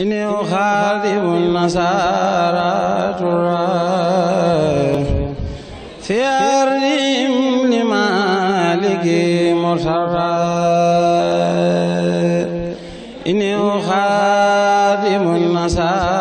إني أخاذب النصارى ترى في أرضهم لمالك إني أخاذب النصارى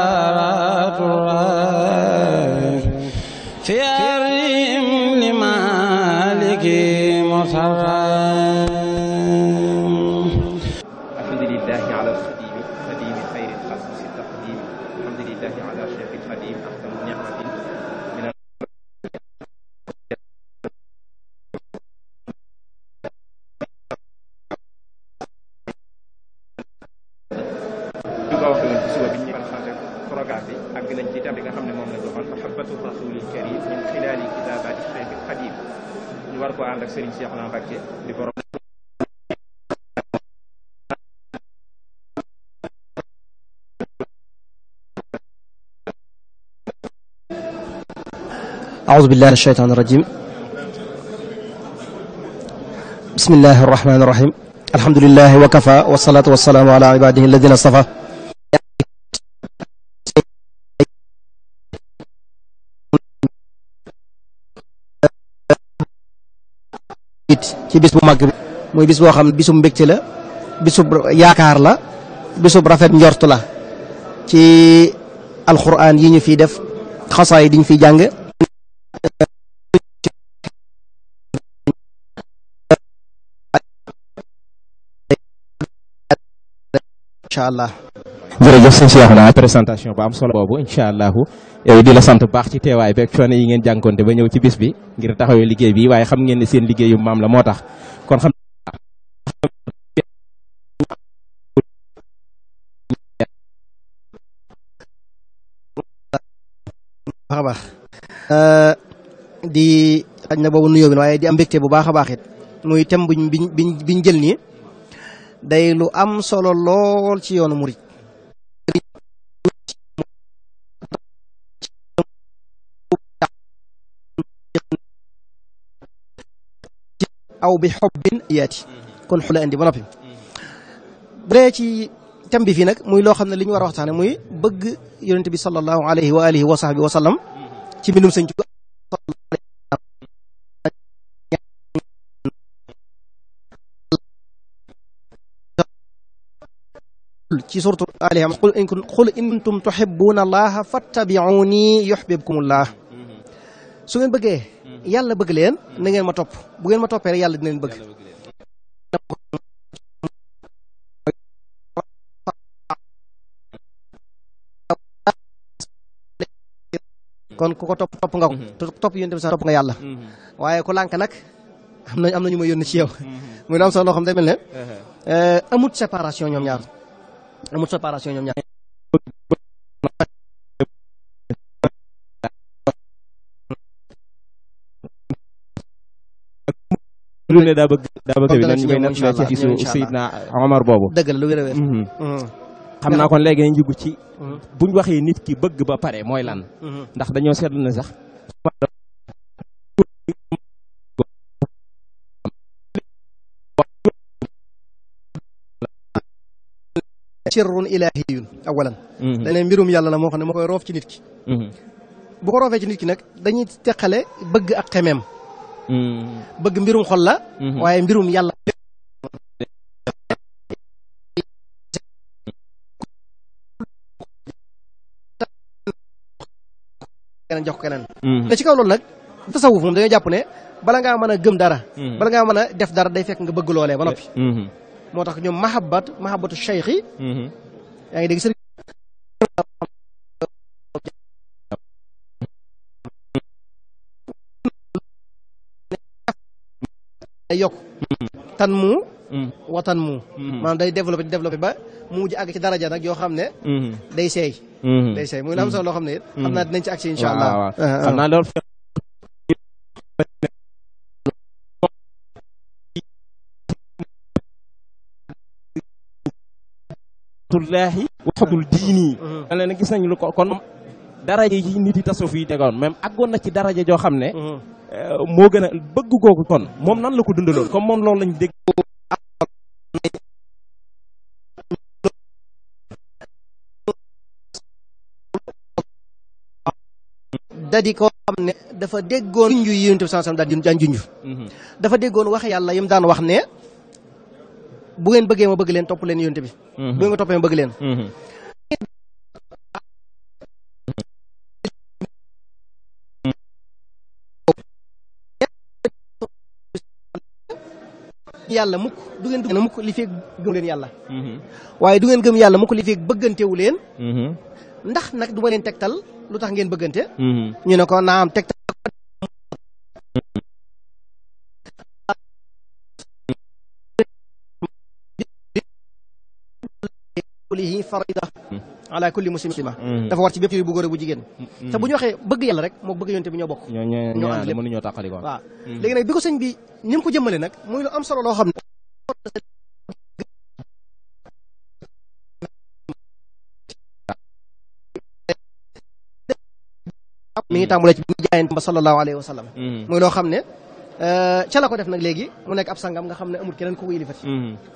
رسول الكريم من خلال كتابات الشيخ القديم نورك عندك سيرين شيخنا بكي أعوذ بالله من الشيطان الرجيم بسم الله الرحمن الرحيم الحمد لله وكفى والصلاة والسلام على عباده الذين اصطفى ci bis bu mag bi muy bis boo xam bisum mbégte la bisub yaakaar la bisub rafet njort la ci alquran yi ñu fiy def xasaay diñ fi jàng inshallah allah jërëjëf sëñ Cheikh na présentation ba am solo boobu inshallah yow di la sant baax ci teewaay beeg coono yi ngeen jànkonte ba ñëw ci bis bi ngir taxawee liggéey bi waaye xam ngeen ne seen liggéeyu maam la moo tax kon xam baax a eh, di xaj na boobu nuyoo waaye di am mbégte bu baax a baax it muy biñ biñ jël nii day lu am solo lool ci yoonu murit أو بحب ياتي كون حلا عندي بربي بريتي تم بفينك موي لو خامن لي نوار وقتاني موي بغ يونتبي صلى الله عليه واله وصحبه وسلم تي بنوم سنجو عليهم قل إن قل إنتم تحبون الله فاتبعوني يحببكم الله سوين بقى yàlla bëgg leen na ngeen ma topp bu ngeen ma toppee rek yàlla dina leen bëgg kon ku ko topp topp nga ko mm-hmm. topp yonent bi sax topp nga yàlla mm-hmm. waaye ku lànk nag am na am na ñu ma yónni ci yow mm-hmm. muy lu am solo loo xam day mel ne uh-huh. eh, amut séparation ñoom ñaar amut séparation ñoom ñaar lu ne daa bëgg daa bëgg bi boobu dëgg la lu mm-hmm. Mm-hmm. naa kon léegi nañ ci mm-hmm. buñ waxee nit ki bëgg ba pare mooy lan dañoo seetlu ne sax sirrun ilaahiyun awalan dañ mbirum yàlla la moo xam ne moo koy roof ci nit ki bu roofee ci nit ki nag dañuy teqale bëgg ak xemeem bëgg mbirum xol la mhm. waaye mbirum yàlla keneen jox ko keneen te mhm. ci kaw loolu nag moom dañoo jàpp ne bala ngaa mën a gëm dara mhm. bala ngaa mën a def dara day fekk nga bëgg loolee ba noppi moo tax ñoom mahabbat mahabbatu cheikh yaa ngi dégg day yokk tan mu mm. watan mu mm. maanaam day développé développé ba mu ji àgg ci daraja nag yoo xam ne mm-hmm. day seey mm-hmm. day seey muy la am solo loo xam ne it xam mm-hmm. naa dinañ ci agsi insha allah uh-huh. xam naa loolu tullaahi diini ma leen gis nañu lu ko kon daraja yi nit yi tasawuf yi tegoon même àggoon na ci daraja joo xam ne moo gën a bëgg googu kon moom nan la ko dundaloon comme moom loolu lañ dégg da di ko xam ne dafa déggoon junju yi yonent bi sallallahu alayhi wasallam daan junju mhm. dafa déggoon wax yàlla yim daan wax ne bu ngeen bëggee ma bëgg leen topp leen yonent bi mhm. bu ngeen toppee ma bëgg leen mhm. yàlla mukk du ngeen dugg mukk li feeg gëm leen yàlla mhm. waaye du ngeen gëm yàlla mukk li feeg bëggantewu leen mhm. ndax nag du ma leen tegtal lu tax ngeen bëggante mhm. ñu ne ko naam tegtal lihi farida hmm. ala kulli muslima hmm. hmm. dafa war ci bépp bu góor bu jigen te bu waxe bëgg yalla rek mo bëgg yonte bi ñoo bokk ñoo ànd lépp mënuñoo tàqali ko waaw léegi nag bi ko sëñ bi nim ko jëmale nak muy lu am solo lo xamne mi ngi tambulé ci bu mu ba sallallahu alayhi wa sallam muy lo xamne euh ci la ko def nak léegi mu nek ab sangam nga xamne amul keneen ku ko yilifati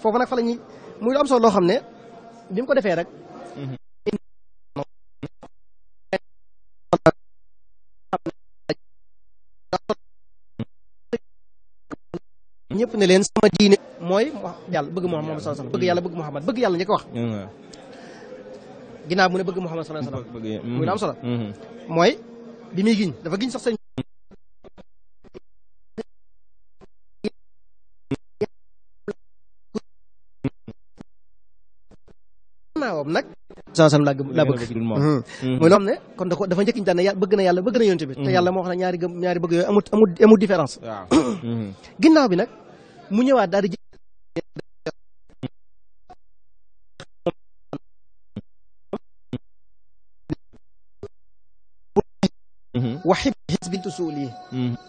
fofu nak fa lañuy ñuy muy lu am solo lo xamne bi mu ko defee rek ñëpp ne leen sama diine mooy yàlla bëgg Muhammad sallallahu alayhi wasallam bëgg yàlla bëgg Muhammad bëgg yàlla njëkk wax ginnaaw mu ne bëgg Muhammad sallallahu alayhi wasallam muy lu am solo mooy bi muy giñ dafa giñ sax sëñ sana laa gëm laa bëgg hmm. Hmm. mooy loo ne kon dafa njëkkiñ daan ne bëgg yàlla bëgg na yonent bi te hmm. yàlla moo xam ñaari gëm ñaari bëgg yooyu amul amul amul différence bi nag mu ñëwaat daal di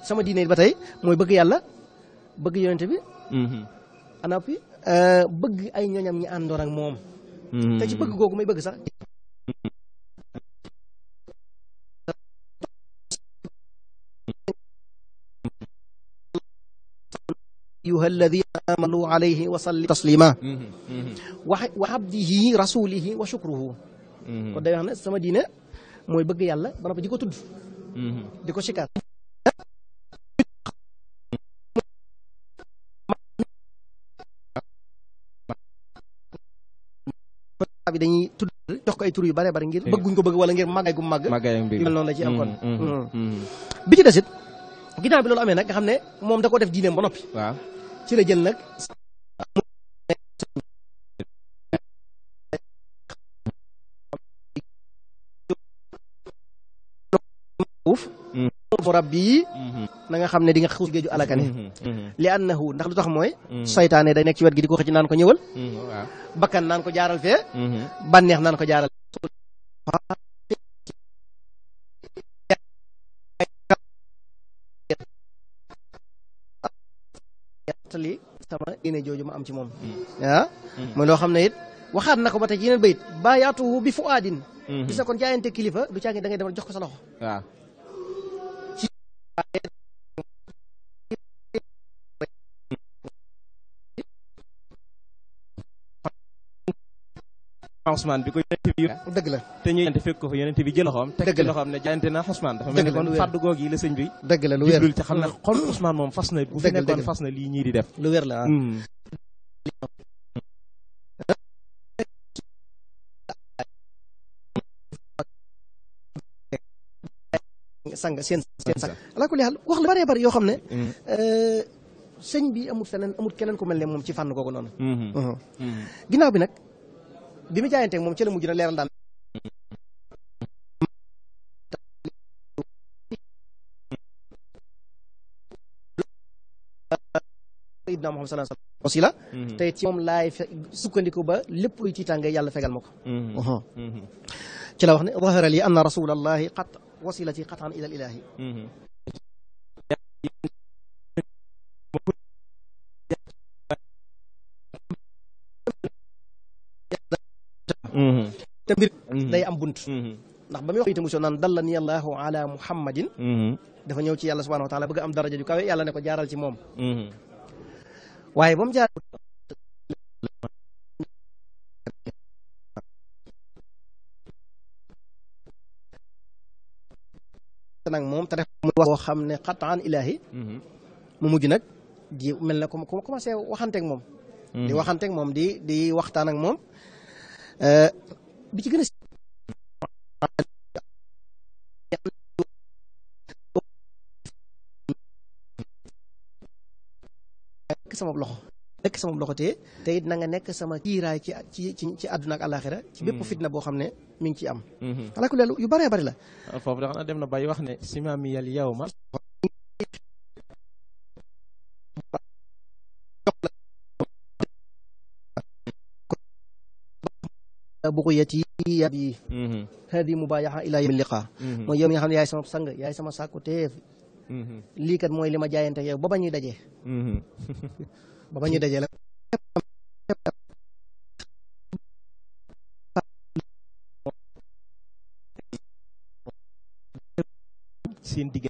waxib mooy bëgg yàlla ta ci bugugo kuma ibaga sa ايها الذين امنوا عليه وصلي تسليما وعبده رسوله وشكره كون دا سما دينه موي بغ يالا با نبا تود ديكو شيكا ay tur yu bare bare ngir bëgguñ ko beug wala ngir magay gu mag mel non la ci am bi ci desit gina bi lolu amé nak nga xamné mom da ko def diiné ba nopi wa ci la jël nag rabbi na nga xamne di nga xuus geju alakané li annahu ndax lutax moy shaytané day nek ci wèr gi diko xëc nan ko ñëwal hmm, bakkan nan ko jaaral fe hmm, hmm. banex nan ko jaaral li sama ine jooju ma am ci moom ah mooy loo xam it waxaat na ko ba tey ci bi fuaadin hmm. gis na kon jaayante kilifa du caagi da ngay demal jox ko sa loxo waaw Ousmane bi bi te ñuy te fekk ko fa yonent bi jël loxoom teg ci loxoom ne jaayante na Ousmane dafa mel ni kon fàddu googu yi la sëñ bi dëgg la lu wér te xam hmm. moom fas na bu fi nekkoon fas na lii ñii di la ah. hmm. sang seen seen sang alaa kulli xaal wax la bare bare yoo xam ne hmm. euh, sëñ bi amul feneen amul keneen ku mel ne moom ci fànn googu noonu uh-huh. ginnaaw bi nag bi mu jaayanteeg moom ci la mujj na leeral daan Sayyidina Muhammad sallallahu alayhi wasallam wasila tey ci moom laay fe sukkandiku ba lépp luy tiitaange yàlla fegal ma ko ci la wax ne zahara li anna rasulallahi qat wasilati qatan ila al ilahi mbir mm-hmm. day am buntu mm-hmm. ndax bamuy wax itam monsieur naan dalla allah allahu ala muhammadin mm-hmm. dafa ñew ci yalla subhanahu wa taala bëgg am daraja ju kawé yalla ne ko jaaral ci mom waye ba jaar nak mom ta def mu wax xamne qatan ilahi mu mujj nak di mel ko ko commencé ak mom, di ak mom di di waxtan ak euh bi ci gën a nekk sama loxo nekk sama loxo te te it na nga nekk sama kiiraay ci ci ci ci àdduna ak àllaaxira ci bépp hmm. fitna boo xam ne mi ngi ciy am. Hmm. alaakulli yu bëree bëri la. foofu da dem na bay wax ne. simaamiyal yawma buquyati ya bi mm-hmm. hadi mubayaha ila yawmi liqa mm-hmm. mooy yow mi nga xam ne yaay sama sang yaay sama sàkku teef mm-hmm. lii kat mooy li ma jaayante yow ba ba ñuy dajee ba ba ñuy dajee la seen digg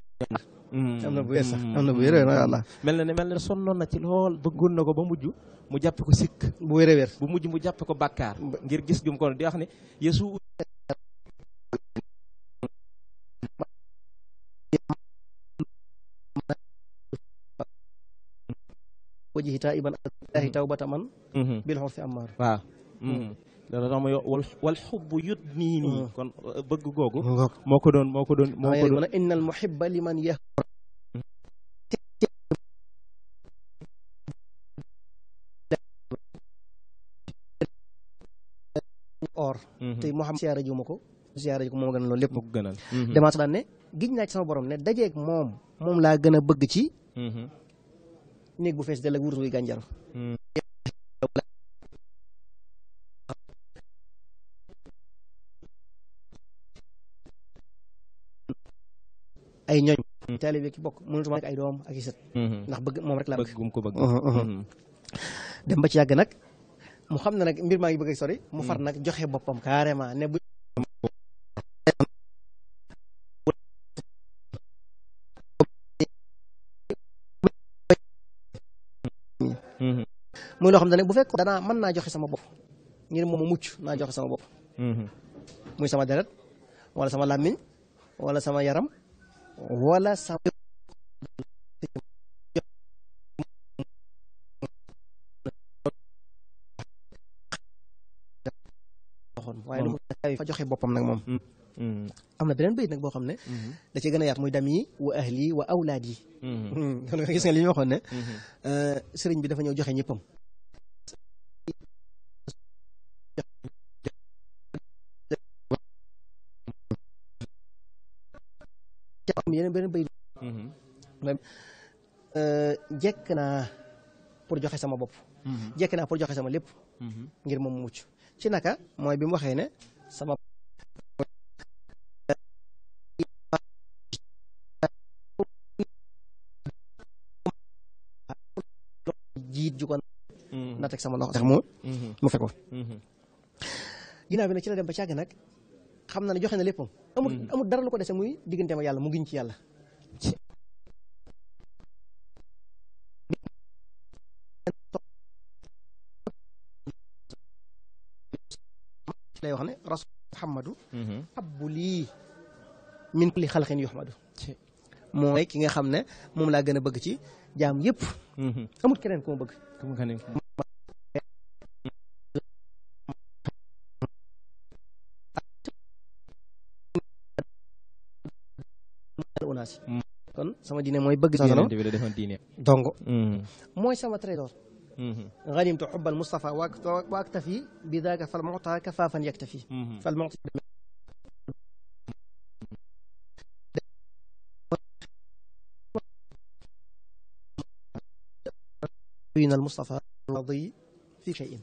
wér wér yàlla mel na ne mel na sonnoon na ci lool bëggoon na ko ba mujj mu jàppe ko sikk bu wér wér bu mujj mu jàppe ko bàkkaar ngir gis gi mu ko di wax ne yesu wajhi taiban allahi tawbata man mhm. bil xorfi amaar waaw mm. Mm. loolu tax ma wal wal xubb yut nii mm. kon uh, bëgg googu moo ko doon moo ko doon moo ko doon innal muhibba liman yahwa xam siyaare ji ma ko siyaare ko moom a gënal loolu lépp gënal mhm. demaat sax daan ne gis naa ci sama borom ne dajeeg moom moom laa gën a bëgg ci mhm. néeg bu mhm. bëgg moom rek laa bëgg uh-huh, uh-huh. dem ba ci nag mu xam ne nag mbir maa ngi bëgg a sori. mu far mm. nag joxe boppam carrément ne bu. Mm-hmm. muy loo xam ne bu fekk danaa man naa joxe sama bopp ngir moom mu mucc naa joxe sama bopp. Mm-hmm. muy sama deret wala sama làmmiñ wala sama yaram wala sama. joxe boppam nag mm, mm. am na beneen xam ne mm-hmm. da ci a wa ahli mm-hmm. Mm-hmm. Euh, bi dafa ñëw joxe euh, jekk naa pour joxe sama bopp jekk naa pour joxe sama lépp ngir moom mucc ci naka mooy bi mu waxee ne sama teg sama loxo sax mhm. mu mu fekkoon mhm. ginnaaw bi nag ci la dem ba càgg nag xam na ne joxe na léppam amul mhm. amul dara lu ko dese muy diggante ma yàlla mu giñ ci yàlla lay wax ne rasul muhammadu ki nga xam ne moom laa gën a bëgg ci jaam yëpp amul keneen ku ma bëgg si kon sama diine mooy bëgg yonent bi la defoon diine donc mooy sama trésor غنمت حب المصطفى واكتفي بذاك فالمعطى كفافا يكتفي فالمعطي بين المصطفى راضي في شيء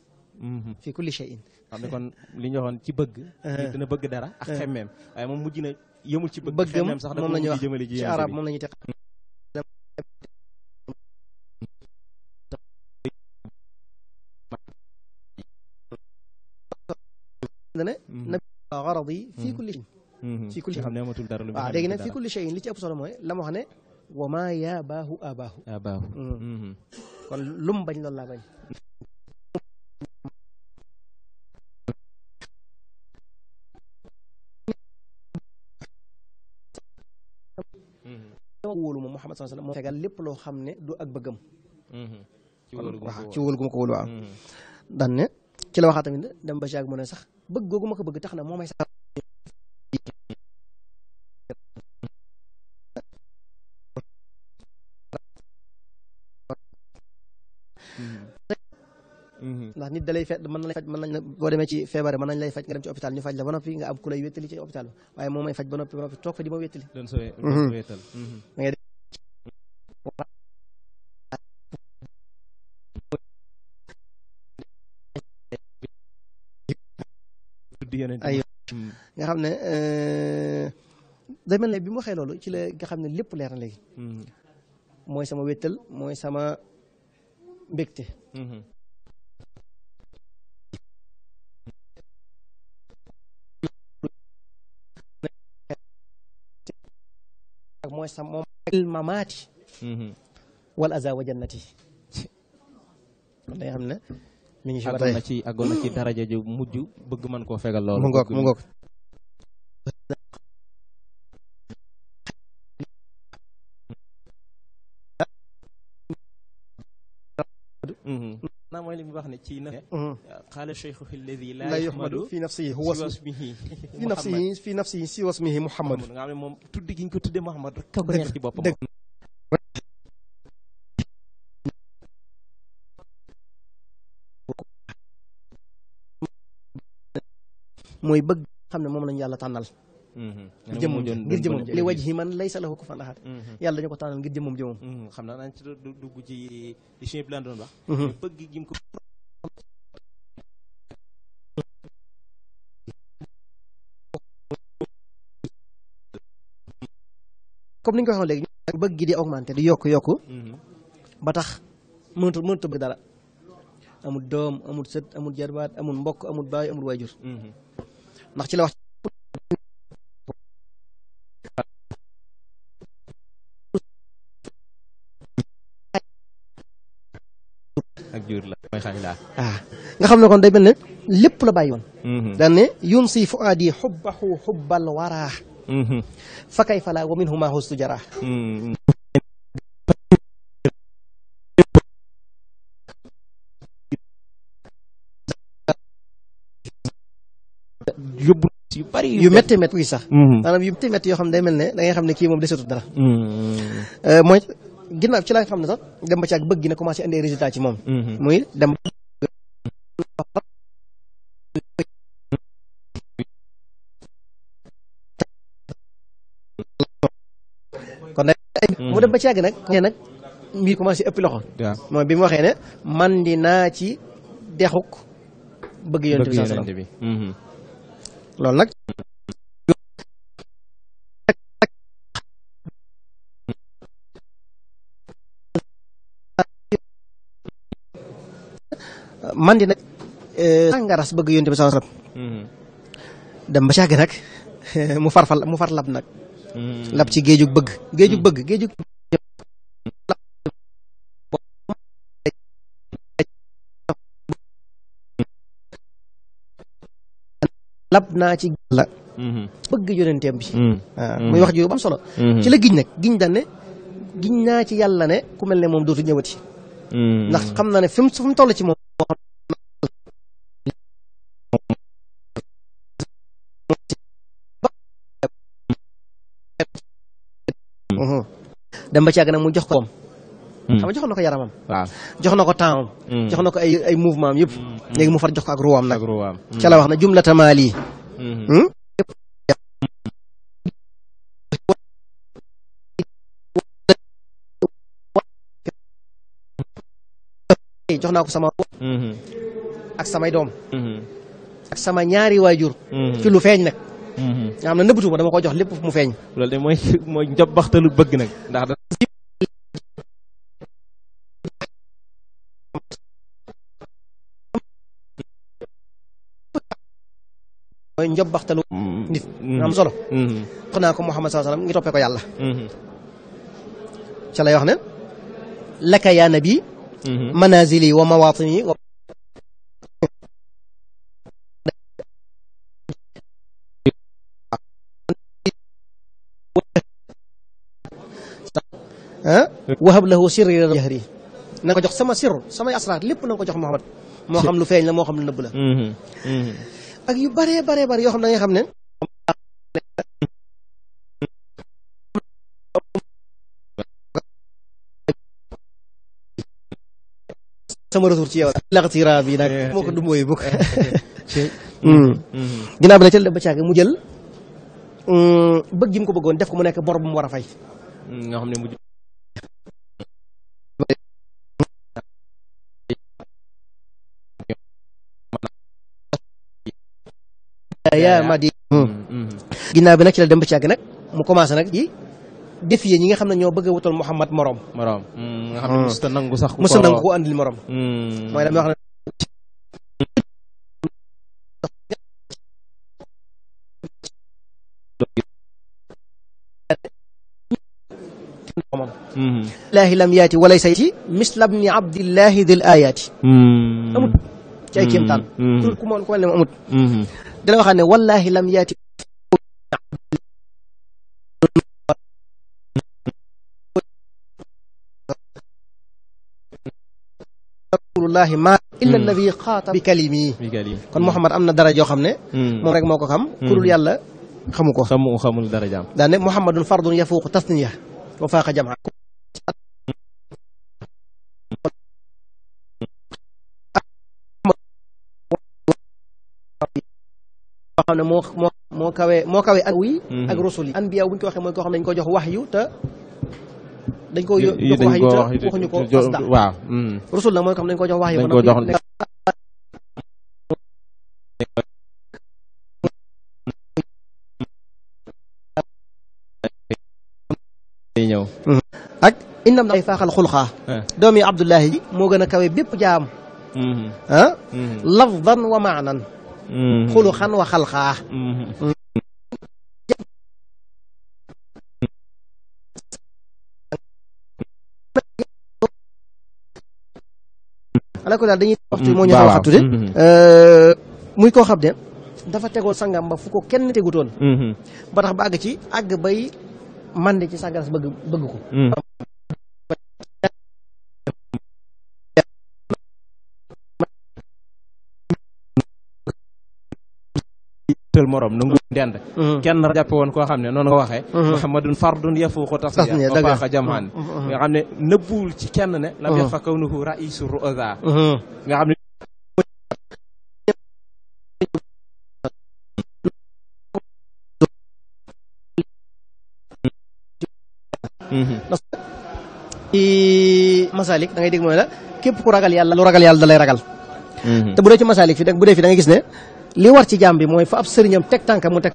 في كل شيء xam ne kon li ñu waxoon ci bëgg nit dina bëgg dara ak xemmeem waaye moom mujj na yëmul ci bëggam moom la ñuy wax ci arab moom la ñuy teq dana nabi garadi fii kulli shay fii kulli xam ne amatul dara lu waaw léegi nag fii kulli shay li ci ëpp solo mooy la ma wax ne wa maa yaa baahu abaahu abaahu kon lum bañ loolu laa bañ Muhammad sallallahu alayhi wa sallam moo fegal lépp loo xam du ak beugum hmm ci wolu gu ko wolu waaw mhm. dan ne ci la waxa tamit dem ba jaag mo ne sax beug googu ma ko bëgg tax na may sax mhm. ndax nit dalay lay man lay faj man lañ la demé ci feebare man lañ lay faj nga dem ci hôpital ñu fajj la ba nopi nga am kulay wétali ci hôpital waye momay fajj faj ba noppi ba noppi toog fa di ma wéttali mhm. da ngay ay hmm. nga xam ne euh, day mel bi mu waxee ci la nga xam ne lépp leer na léegi hmm. mooy sama wéttal mooy sama mbégte hmm. mooy sama moom mamaati wal jannati day ne mi ngi agama kita ci a gonna ci daraja ju mujj bëgg man fegal loolu mu ngoog mu ngoog maanaam mooy li wax ne ci na la fi nafsihi huwa fi nafsihi fi nafsihi si wasmihi muhammad nga xam gi ko muhammad rek ko ci moy bëgg xamne mom moom lañu yàlla tànnal mm-hmm. ngir jëmum ngir jëmum li wajhi man laysa lahu kufan ahad mm-hmm. yalla dañu ko tanal ngir jëmum jëmum mm-hmm. xamna nañ ci dugg ci di Cheikh Blan doon wax bëgg gi ko comme niñ ko waxoon léegi bëgg gi di augmenter di yok yok ba tax mënut mënut bëgg dara amul doom amul sët amul jarbaat amul mbokk amul baay amul waajur ndax ci la wax ak jur la mooy xamilaa ah nga xam ne kon day mel ne lépp la bàyyi woon mm-hmm. daan ne yun si fuaadi xubbahu xubbal waraa mm-hmm. fa kayfa laa wa minhuma xustu jaraa mm-hmm. yu bari yu métti métti gi sax mm-hmm. maanaam yu métti métti yoo xam ne day mel da ngay xam ne kii moom desetut dara mm-hmm. euh, mooy ginnaaw ci laa xam ne sax dem ba ci ak bëgg gi ne commencé indi résultat ci moom mm-hmm. muy dem kon nag dem ba ci yàgg nag nee nag mbir commencé ëpp loxo mooy bi mu waxee ne man di ci dexuk bëgg yonent bi loolu nag man di nag euh, ngaras bëgg yonent bi sallallahu alayhi mm-hmm. dem ba caag nag mu farfal mu far lab nag mm-hmm. lab ci géejug bëgg géejug mm-hmm. bëgg géejug lab naa ci la mhm. bëgg yonenteem bi mhm. Ah, mhm. muy wax ju am solo ci la giñ nag giñ daan ne naa ci yàlla ne ku mel ne moom dootu ñëwati ndax xam naa ne fi mu fi ci moom dem ba ci yàgg nag mu jox ko xam jox na ko yaramam jox na ko temps jox na ko ay ay mouvement léegi mu far jox ko ak ruwaam nag mm. ca wax na jumlata maali mm-hmm. hmm? jox naa ko sama mm-hmm. ak samay doom mm-hmm. ak sama ñaari waajur ci lu feeñ nag nga xam ne nëbbatu ma dama ko jox lépp mu feeñ loolu mooy mooy njob bëgg nag ndax mooy njobbaxtalu nit am solo wax naa ko Muhammad sallallahu alayhi wasallam ngi toppee ko yàlla ca lay wax ne laka yaa nabi manazili wa mawatini wa wahab lahu sirri jahri na ko jox sama sirru samay asraar lépp na ko jox Muhammad moo xam lu feeñ la moo xam lu nëbb la ak yu baree bare bare yoo xam ne da nga xam ne sama retour ci yow laxtira bi nag eh, moo ko du mooy bukk eh, eh, hmm. mm-hmm. ginnaaw bi nag ca la ba caag mu jël hmm, bëgg gi mu ko bëggoon def ko mu nekk bor bu mu war a fay mm, nga xam ne yaa madi mm, mm. Mm. ginnaaw bi nag ci la dem ba ci yàgg nag mu commencé nag yi défier ñi nga xam ne ñoo bëgg a wutal Muhammad morom morom nga xam ne musta nangu morom mooy lam yaati walay sayti mislabni abdillahi dil ayaati ci ay kéemtaan loolu ku moon ku mel ne mu amut dina waxaat ne wallahi lam yaati rasulullahi ma illa alladi xaata bi kalimi kon Muhammad am na daraja yoo xam ne moom rek moo ko xam ku dul yàlla xamu ko xamu xamul darajaam daane Muhammadun fardun yafuuqu tasniya wa faaqa jamaa koo moo moo moo kawee moo kawee mhm. ak wi ak rusul yi anbiya bu ñu ko waxee mooy koo xam dañ ko jox waxyu te dañ ko jox waxyu te waxuñu ko asda waaw rusul nag mooy koo xam ne dañ ko jox waxyu mhm. ba ñëw mhm. ak innam ay faaxal xulxaa eh. doomi abdullahi ji moo gën a kawe bépp jaam ah lafdan wa maanan Mm-hmm. khuluhan wa khalqah mm-hmm. ala mm-hmm. eh, ko daal dañuy waxtu moo ñu xaw a euh muy ko xam ne dafa tegoon sangam ba fu ko kenn tegutoon ba tax ba ag ci ag bay mande ci sàngaras bëgg bëgg ko tël morom nangu dend kenn jàppe woon koo xam ne noonu nga waxee muhammadun fardun yafuuqu tasniya wa faaqa jamhan nga xam ne nëbbuwul ci kenn ne lam yafa kawnuhu raisu rosa nga xam ne parce que ci masalik da ngay dégg mooy la képp ku ragal yàlla lu ragal yàlla da ragal te bu dee ci masalik fi bu dee fi da ngay gis ne li war ci jambi moy fa ab serignam tek tanka mu tek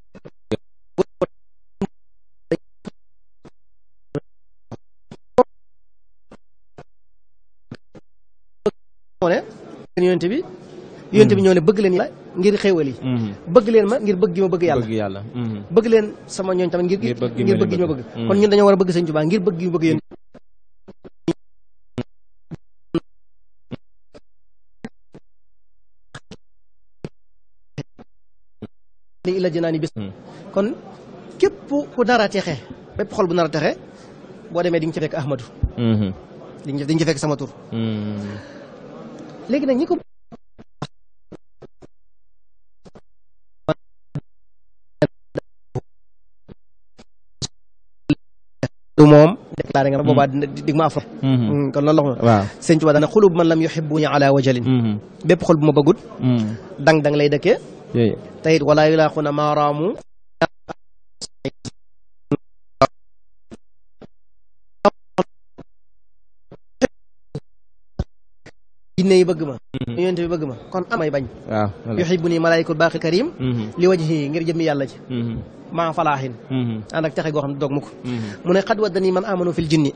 moone yonent bi yonent bi ñone bëgg leen yàlla ngir xéewal mm-hmm. bëgg leen ma ngir bëgg gi ma bëgg yalla bëgg yalla mm-hmm. bëgg leen sama ñoon tam ngir mm-hmm. ngir bëgg gi ma bëgg kon ñun dañu wara bëgg señ Tuubaa ngir bëgg gi bëgg yonent ila jënaani bis hmm. kon képp ku nar a texe bépp xol bu nar a texe boo demee di nga ci fekk Ahmadou hmm. di nga ci fekk sama tur hmm. léegi nag ñi ko moom déclaré nga boobaa dig ma afro kon loolu la ko waaw sëñ xulub man lam yuhibbuni ala wajalin bépp xol bu ma bëggut dang dang lay dëkkee tayit wala yulaquna maaraamu jinne yi bëgg ma yonent bi bëgg ma kon amay bañ yuhibbuni malaa'ikul baaqil karim li wajhi ngir jëmmi yàlla ci maa falaahin ànd ak texe goo xam ne doog mu ko mu ne xad waddani man amanu fil jinni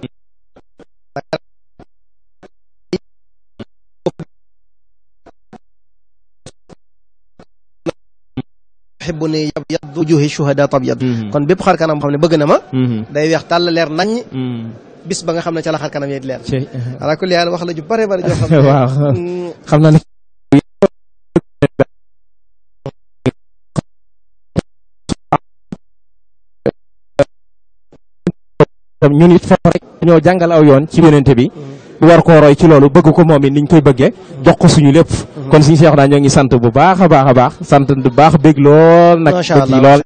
xibbu ni yab wujuhi shuhada tabyad mm-hmm. kon bépp xar kanam xam ne bëgg na ma mm-hmm. day weex tàll leer nañ mm-hmm. bis ba nga xam ne ca la xar kanam yeet leer ala kulli haal wax la ju bare bare joo xam waaw mm. xam naa ne ñun it foofu rek ñoo jàngal yoon ci yonente bi war koo roy ci loolu bëgg ko moom it niñ koy bëggee jox ko suñu lépp kon suñu Cheikh naa ñoo ngi sant bu baaxa baaxa baax a baax sant bu baax bég lool nak bég yi lool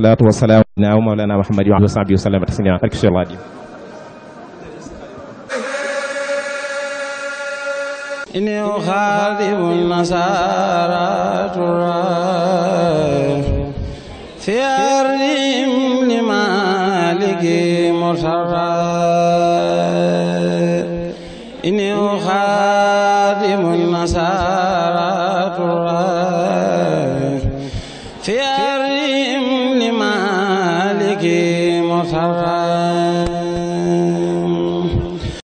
salatu wassalamu salaam ala mawlana Muhammad wa sahbihi wa sallam taslima ak Cheikh Ladi إني أخاذب النصارى في أرض حاجي مسرى إني أخادم النصارى ترى